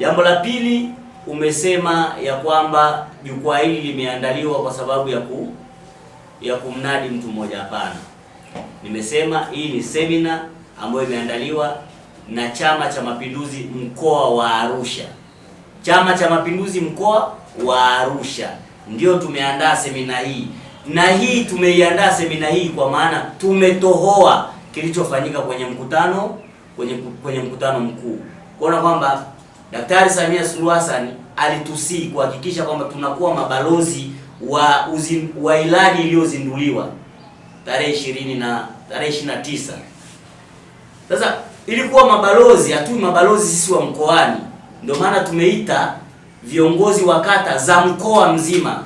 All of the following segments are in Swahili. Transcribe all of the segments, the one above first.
Jambo la pili umesema ya kwamba jukwaa hili limeandaliwa kwa sababu ya ku, ya kumnadi mtu mmoja. Hapana, nimesema hii ni semina ambayo imeandaliwa na Chama cha Mapinduzi mkoa wa Arusha. Chama cha Mapinduzi mkoa wa Arusha ndio tumeandaa semina hii, na hii tumeiandaa semina hii kwa maana tumetohoa kilichofanyika kwenye mkutano kwenye kwenye mkutano mkuu kuona kwamba Daktari Samia Suluhu Hassan alitusii kuhakikisha kwamba tunakuwa mabalozi wa uzin, wa ilani iliyozinduliwa tarehe ishirini na tarehe ishirini na tisa. Sasa ili kuwa mabalozi, hatui mabalozi sisi wa mkoani, ndio maana tumeita viongozi wa kata za mkoa mzima,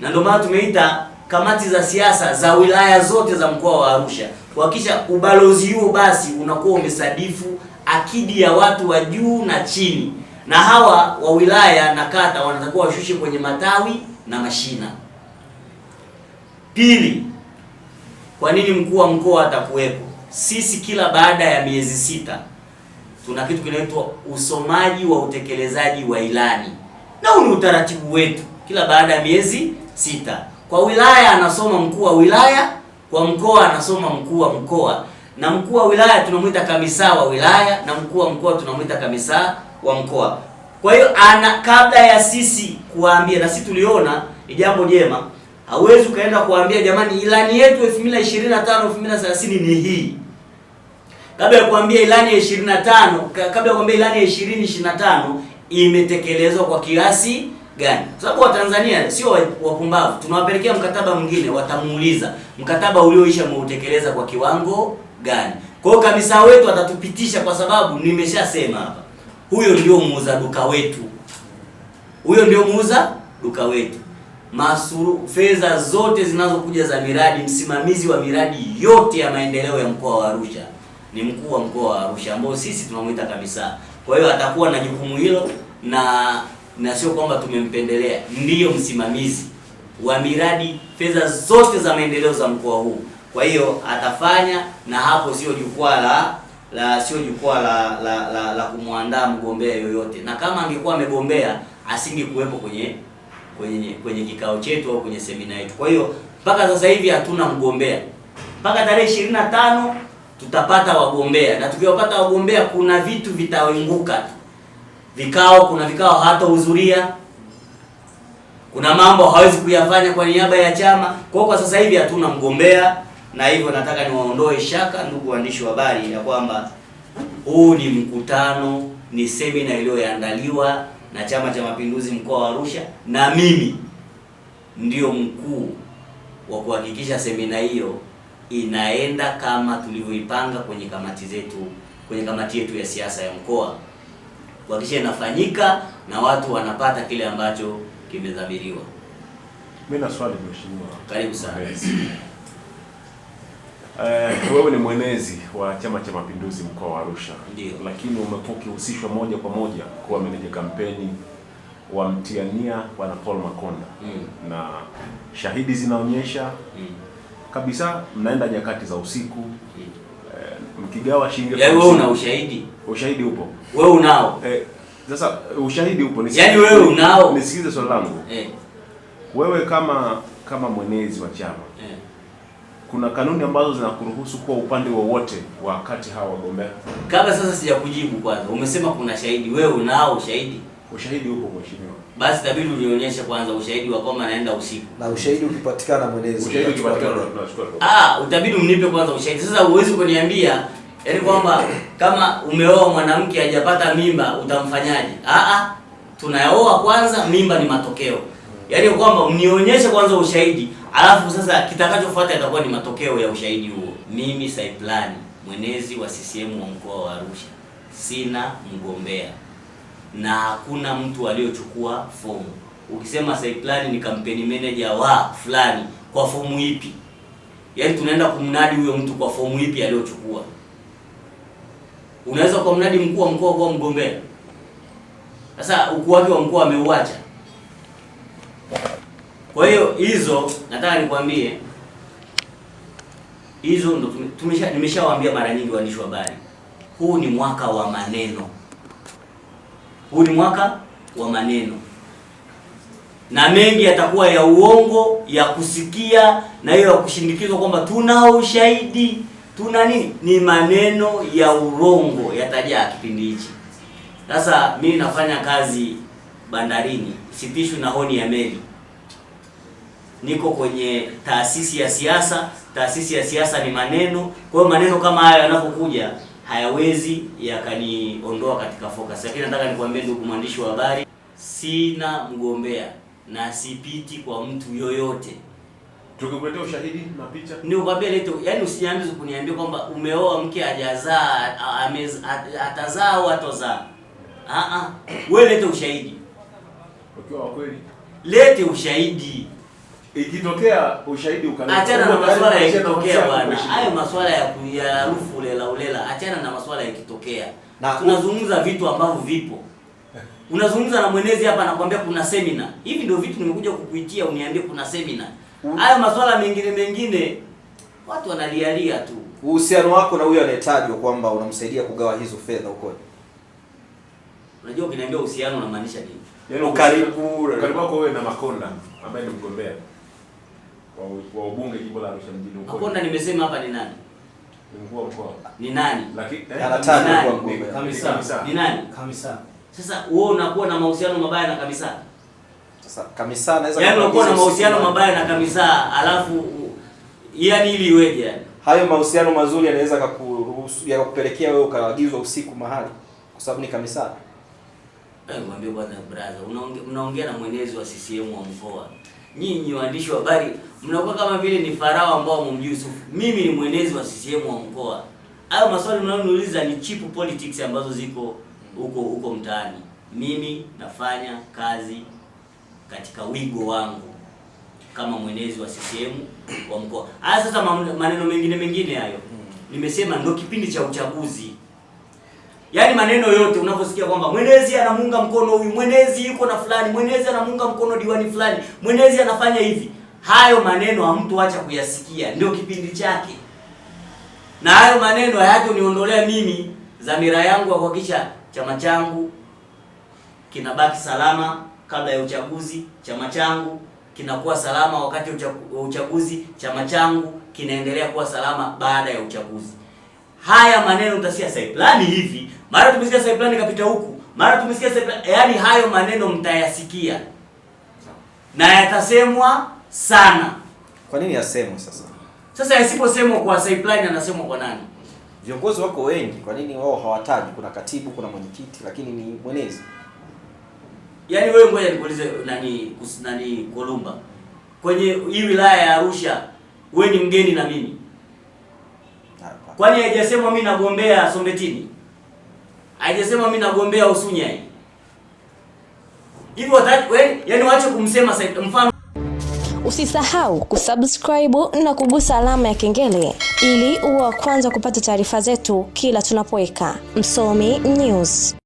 na ndio maana tumeita kamati za siasa za wilaya zote za mkoa wa Arusha kuhakikisha ubalozi huo basi unakuwa umesadifu akidi ya watu wa juu na chini, na hawa wa wilaya na kata wanatakiwa washushe kwenye matawi na mashina. Pili, kwa nini mkuu wa mkoa atakuwepo? Sisi kila baada ya miezi sita tuna kitu kinaitwa usomaji wa utekelezaji wa ilani, na huu ni utaratibu wetu kila baada ya miezi sita. Kwa wilaya anasoma mkuu wa wilaya, kwa mkoa anasoma mkuu wa mkoa na mkuu wa wilaya tunamwita kamisa wa wilaya na mkuu wa mkoa tunamwita kamisa wa mkoa. Kwa hiyo ana kabla ya sisi kuambia, na sisi tuliona ni jambo jema, hawezi ukaenda kuambia jamani, ilani yetu 2025 2030 ni hii. Kabla ya kuambia ilani ya 25, kabla ya kuambia ilani ya 2025 imetekelezwa kwa kiasi gani? Kwa sababu Watanzania sio wapumbavu, tunawapelekea mkataba mwingine, watamuuliza mkataba ulioisha umeutekeleza kwa kiwango gani. Kwa hiyo kabisa wetu atatupitisha kwa sababu nimeshasema hapa, huyo ndio muuza duka wetu, huyo ndio muuza duka wetu. Masuru fedha zote zinazokuja za miradi, msimamizi wa miradi yote ya maendeleo ya mkoa wa Arusha ni mkuu wa mkoa wa Arusha ambao sisi tunamwita kabisa. Kwa hiyo atakuwa na jukumu hilo, na na sio kwamba tumempendelea, ndiyo msimamizi wa miradi fedha zote za maendeleo za mkoa huu. Kwa hiyo atafanya na hapo, sio jukwaa la la sio jukwaa la la, la, la kumwandaa mgombea yoyote, na kama angekuwa amegombea asingekuwepo kwenye kwenye kwenye kikao chetu au kwenye semina yetu. Kwa hiyo mpaka sasa hivi hatuna mgombea, mpaka tarehe 25 tutapata wagombea, na tukiwapata wagombea kuna vitu vitainguka. Vikao, kuna vikao hatahudhuria, kuna mambo hawezi kuyafanya kwa niaba ya chama. Kwa hiyo kwa sasa hivi hatuna mgombea na hivyo nataka niwaondoe shaka, ndugu waandishi wa habari, ya kwamba huu ni mkutano, ni semina iliyoandaliwa na Chama cha Mapinduzi mkoa wa Arusha, na mimi ndio mkuu wa kuhakikisha semina hiyo inaenda kama tulivyoipanga kwenye kamati zetu, kwenye kamati yetu ya siasa ya mkoa, kuhakikisha inafanyika na watu wanapata kile ambacho kimedhamiriwa. Mimi na swali mheshimiwa. Karibu sana. Uh, wewe ni mwenezi wa Chama cha Mapinduzi mkoa wa Arusha. Ndiyo. Lakini umekuwa ukihusishwa moja kwa moja kuwa meneja kampeni wa mtiania bwana Paul Makonda mm. na shahidi zinaonyesha mm. kabisa mnaenda nyakati za usiku mm. uh, mkigawa shilingi. Yaani wewe una ushahidi? Ushahidi upo. Wewe unao. Eh, sasa ushahidi upo. Nisikize. Yaani wewe unao. Nisikize swali langu. Eh. Wewe kama kama mwenezi wa chama. Eh kuna kanuni ambazo zinakuruhusu kuwa upande wowote wa wakati hawa wagombea. Kabla sasa sijakujibu, kwanza umesema kuna shahidi, wewe unao ushahidi? Ushahidi upo mheshimiwa, basi tabidi ulionyesha kwanza ushahidi wa kwamba anaenda usiku, na ushahidi ukipatikana mwenezi, ushahidi ukipatikana tunachukua. Ah, utabidi umnipe kwanza ushahidi. Sasa huwezi kuniambia yaani kwamba kama umeoa mwanamke hajapata mimba utamfanyaje? Ah ah, tunaoa kwanza, mimba ni matokeo. Yaani kwamba unionyeshe kwanza ushahidi Alafu sasa kitakachofuata itakuwa ni matokeo ya ushahidi huo. Mimi Saiplani, mwenezi wa CCM wa mkoa wa Arusha, sina mgombea na hakuna mtu aliyochukua fomu. Ukisema Saiplani ni kampeni manager wa fulani, kwa fomu ipi? Yaani tunaenda kumnadi huyo mtu kwa fomu ipi aliyochukua? Unaweza kwa mnadi mkuu wa mkoa kwa mgombea? Sasa ukuu wake wa mkoa ameuacha kwa hiyo hizo nataka nikwambie hizo ndo tumesha nimeshawaambia mara nyingi waandishi wa habari. Huu ni mwaka wa maneno, huu ni mwaka wa maneno, na mengi yatakuwa ya uongo, ya kusikia na hiyo ya kushindikizwa, kwamba tuna ushahidi tuna nini. Ni maneno ya urongo yatajaa kipindi hichi. Sasa mimi nafanya kazi bandarini, sipishwi na honi ya meli niko kwenye taasisi ya siasa. Taasisi ya siasa ni maneno. Kwa hiyo maneno kama hayo yanapokuja hayawezi yakaniondoa katika focus, lakini nataka nikuambie ndugu mwandishi wa habari, sina mgombea na sipiti kwa mtu yoyote. Tukikuletea ushahidi na picha ni ukwambia leto, yani usiniambie kuniambia kwamba umeoa mke hajazaa, atazaa au atozaa. Ah ah, wewe lete ushahidi, ukiwa kweli lete ushahidi ikitokea ushahidi ukaleta. Achana na masuala ya ikitokea bwana. Hayo masuala ya kuya harufu lela ulela, achana na masuala ya ikitokea. Tunazungumza vitu ambavyo vipo. Unazungumza na mwenezi hapa anakuambia kuna seminar. Hivi ndio vitu nimekuja kukuitia uniambie kuna seminar. Hayo masuala mengine mengine watu wanalialia tu. Uhusiano wako na huyo anayetajwa kwamba unamsaidia kugawa hizo fedha huko, Unajua ukiniambia uhusiano unamaanisha nini? Yaani karibu karibu kwa wewe na Makonda ambaye ni mgombea wa ubunge jimbo la Arusha mjini. huko. Hakuna nimesema hapa ni nani? Ni mkuu wa mkoa. Ni nani? Lakini kwa mkuu. Kamisa. Ni nani? Kamisa. Sasa wewe unakuwa na mahusiano mabaya na kamisa? Sasa kamisa anaweza yaani unakuwa na mahusiano mabaya na kamisa, alafu yani ili iweje yani? Hayo mahusiano mazuri yanaweza kukuruhusu yakakupelekea wewe ukaagizwa usiku mahali kwa sababu ni kamisa. Eh, mwambie bwana brother, unaongea na mwenyezi wa CCM wa mkoa nyinyi waandishi wa habari mnakuwa kama vile ni farao ambao mumjui Yusuf. Mimi ni mwenezi wa CCM wa mkoa. Hayo maswali mnayoniuliza ni cheap politics ambazo ziko huko huko mtaani. Mimi nafanya kazi katika wigo wangu kama mwenezi wa CCM wa mkoa. Haya sasa, maneno mengine mengine hayo hmm. nimesema ndio kipindi cha uchaguzi Yaani maneno yote unaposikia kwamba mwenezi anamuunga mkono huyu, mwenezi yuko na fulani, mwenezi anamuunga mkono diwani fulani, mwenezi anafanya hivi. Hayo maneno hamtu acha kuyasikia, ndio kipindi chake. Na hayo maneno hayato niondolea mimi dhamira yangu ya kuhakikisha chama changu kinabaki salama kabla ya uchaguzi, chama changu kinakuwa salama wakati wa uchaguzi, chama changu kinaendelea kuwa salama baada ya uchaguzi. Haya maneno utasikia sasa, hivi mara tumesikia plan ikapita huku, mara tumesikia saiplani. Yaani hayo maneno mtayasikia na yatasemwa sana. Kwa nini yasemwe sasa? Sasa yasiposemwa kwa plan, anasemwa kwa nani? Viongozi wako wengi, kwa nini wao hawataji? Kuna katibu, kuna mwenyekiti, lakini ni mwenezi. Yaani wewe, ngoja nikuulize nani, nani Kolumba, kwenye hii wilaya ya Arusha, wewe ni mgeni na mimi, kwani haijasemwa mimi nagombea Sombetini? haijasema mimi nagombea hii. hivyo, yani waache kumsema mfano. Usisahau kusubscribe na kugusa alama ya kengele ili uwe wa kwanza kupata taarifa zetu kila tunapoweka Msomi News.